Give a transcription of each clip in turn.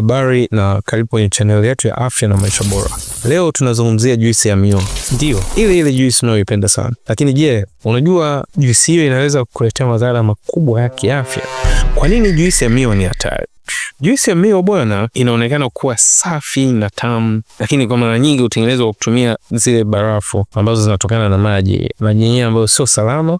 Habari na karibu kwenye chaneli yetu ya afya na maisha bora. Leo tunazungumzia juisi ya miwa, ndio ile ile juisi unayoipenda sana. Lakini je, unajua juisi hiyo inaweza kukuletea madhara makubwa ya kiafya? Kwa nini juisi ya miwa ni hatari? Juisi ya miwa bwana, inaonekana kuwa safi na tamu, lakini kwa mara nyingi hutengenezwa kwa kutumia zile barafu ambazo zinatokana na maji maji yenyewe ambayo sio salama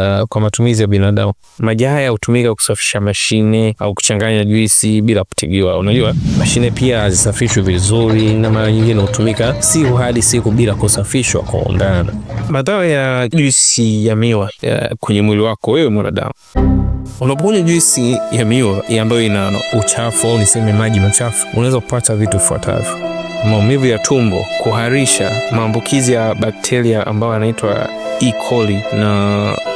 Eh, kwa matumizi ya binadamu. Maji haya hutumika kusafisha mashine au kuchanganya juisi bila kutigiwa. Unajua, mashine pia hazisafishwi vizuri na mara nyingine hutumika siku hadi siku bila kusafishwa kwa undani. Madhara ya juisi ya miwa ya eh, kwenye mwili wako wewe mwanadamu unapokunywa juisi ya miwa ambayo ina uchafu au niseme maji machafu, unaweza kupata vitu vifuatavyo: maumivu ya tumbo, kuharisha, maambukizi ya bakteria ambayo yanaitwa E. coli na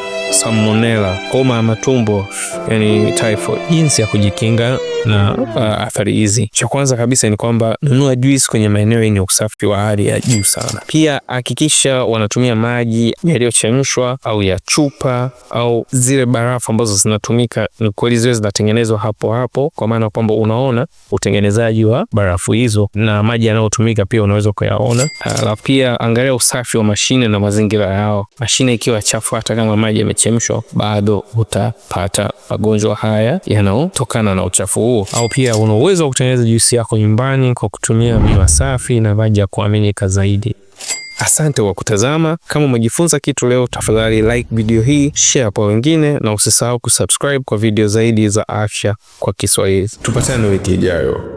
salmonella, homa ya matumbo, yani typhoid. Jinsi ya kujikinga na uh, athari hizi, cha kwanza kabisa ni kwamba nunua juisi kwenye maeneo yenye usafi wa hali ya juu sana. Pia hakikisha wanatumia maji yaliyochemshwa au ya chupa au zile barafu ambazo zinatumika ni kweli ziwe zinatengenezwa hapo hapo, kwa maana kwamba unaona utengenezaji wa barafu hizo na maji yanayotumika pia unaweza Alafu Pia angalia usafi wa mashine na mazingira yao, mashine ikiwa chafu hata kama maji yamechemshwa kuchemshwa bado utapata magonjwa haya yanayotokana na uchafu huo. Au pia una uwezo wa kutengeneza juisi yako nyumbani kwa kutumia miwa safi na maji ya kuaminika zaidi. Asante kwa kutazama. Kama umejifunza kitu leo, tafadhali like video hii, share kwa wengine, na usisahau kusubscribe kwa video zaidi za afya kwa Kiswahili. Tupatane wiki ijayo.